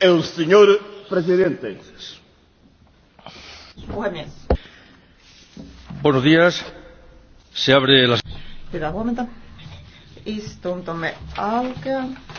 El señor presidente. Puhemies. Buenos días. Se abre la... Hyvää huomenta. Istuntomme aukeaa.